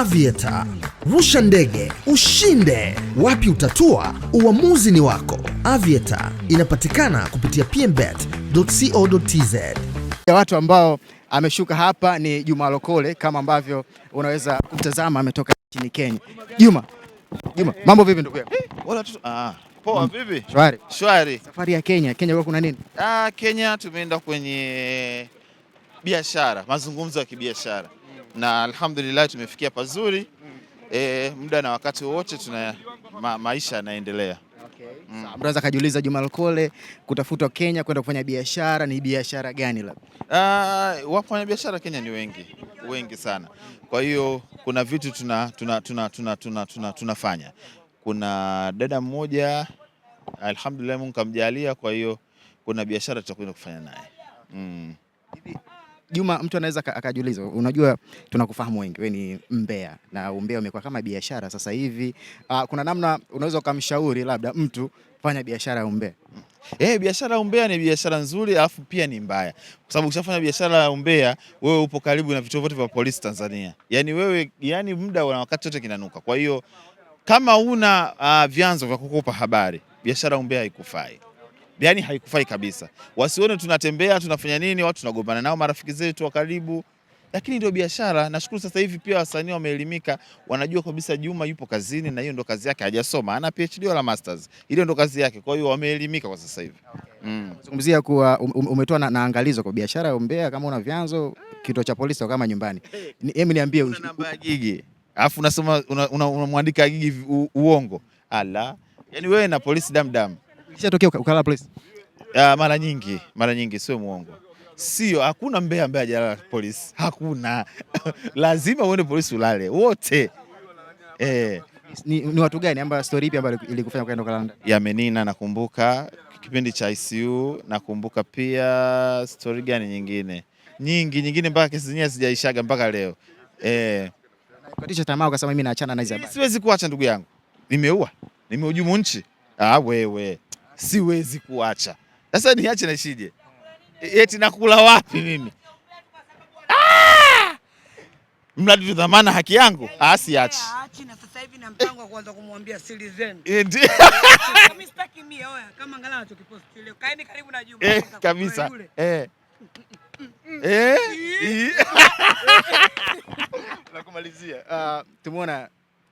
Aviator. Rusha ndege ushinde, wapi utatua? Uamuzi ni wako. Aviator inapatikana kupitia pmbet.co.tz. Ya watu ambao ameshuka hapa ni Juma Lokole, kama ambavyo unaweza kumtazama, ametoka nchini Kenya. Juma, Juma, mambo vipi ndugu yangu? Eh, wala tu ah Poa mm. vipi? Shwari. Shwari. Safari ya Kenya, Kenya kwa kuna nini? Ah, Kenya tumeenda kwenye biashara, mazungumzo ya kibiashara na alhamdulillah tumefikia pazuri e, muda na wakati wote tuna ma, maisha yanaendelea. Okay. Mm. Mnaweza kajiuliza Juma Lokole kutafutwa Kenya kwenda kufanya biashara ni biashara gani labda? Uh, ah, wafanya biashara Kenya ni wengi wengi sana, kwa hiyo kuna vitu tunafanya tuna, tuna, tuna, tuna, tuna, tuna kuna dada mmoja alhamdulillah Mungu kamjalia, kwa hiyo kuna biashara tutakwenda kufanya naye mm. Juma, mtu anaweza akajiuliza, unajua tunakufahamu wengi, wewe ni mbea na umbea umekuwa kama biashara sasa hivi. Uh, kuna namna unaweza ukamshauri labda mtu fanya biashara ya umbea? Eh, biashara ya umbea ni biashara nzuri, alafu pia ni mbaya, kwa sababu ukishafanya biashara ya umbea, wewe upo karibu na vituo vyote vya polisi Tanzania, yani wewe, yani muda na wakati wote kinanuka. Kwa hiyo kama una uh, ah, vyanzo vya kukupa habari, biashara ya umbea haikufai yani haikufai kabisa. Wasione tunatembea tunafanya nini, watu tunagombana nao marafiki zetu wa karibu, lakini ndio biashara. Nashukuru sasa hivi pia wasanii wameelimika, wanajua kabisa Juma yupo kazini na hiyo ndo kazi yake, hajasoma, ana PhD wala masters, ile ndo kazi yake. Kwa hiyo wameelimika kwa sasa hivi. Zungumzia okay. mm. kuwa um, um, umetoa na, na angalizo kwa biashara umbea, kama una vyanzo kituo cha polisi kama nyumbani, ni, hebu niambie namba Gigi alafu unasoma unamwandika una, una Gigi uongo ala, yani wewe na polisi damdam dam. Ikishatokea ukalala polisi? Uh, ah, mara nyingi, mara nyingi, sio muongo. Sio, hakuna mbea ambaye hajalala polisi, hakuna lazima uende polisi ulale wote. Eh, ni, ni watu gani ambao story ipi ambayo ilikufanya kwenda ukalala? Ya Menina nakumbuka kipindi cha ICU, nakumbuka pia story gani nyingine nyingi nyingine mpaka kesi zenyewe sijaishaga mpaka leo eh. Katisha tamaa ukasema mimi naachana na hizo habari. Siwezi kuacha ndugu yangu, nimeua nimehujumu nchi. Ah, wewe siwezi kuacha. Sasa niache naishije? Eti nakula wapi mimi? Ah! Mradi tu dhamana haki yangu asiachi. Ah, eh, eh, kabisa. Eh. Eh. eh? Nakumalizia. Ah, Tumeona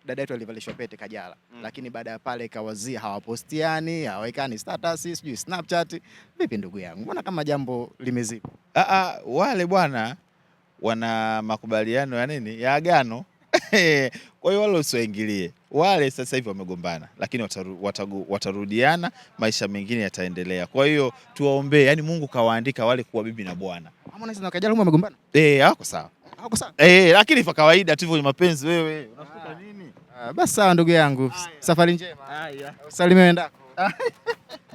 dada yetu alivalishwa pete Kajala mm. Lakini baada ya pale kawazi hawapostiani hawaikani status sijui Snapchat. Vipi ndugu yangu, mbona kama jambo limezipa? Ah, ah, wale bwana wana makubaliano ya nini ya agano kwa hiyo wale usiwaingilie wale. Sasa hivi wamegombana, lakini wataru, wataru, watarudiana, maisha mengine yataendelea. Kwa hiyo tuwaombee, yani Mungu kawaandika wale kuwa bibi na bwana. Harmonize na Kajala wamegombana eh, hawako sawa Eh, eh, lakini kwa kawaida tu hivyo mapenzi wewe. Unafuta nini? Ah, basi sawa ndugu yangu. Safari njema. Salimia endako.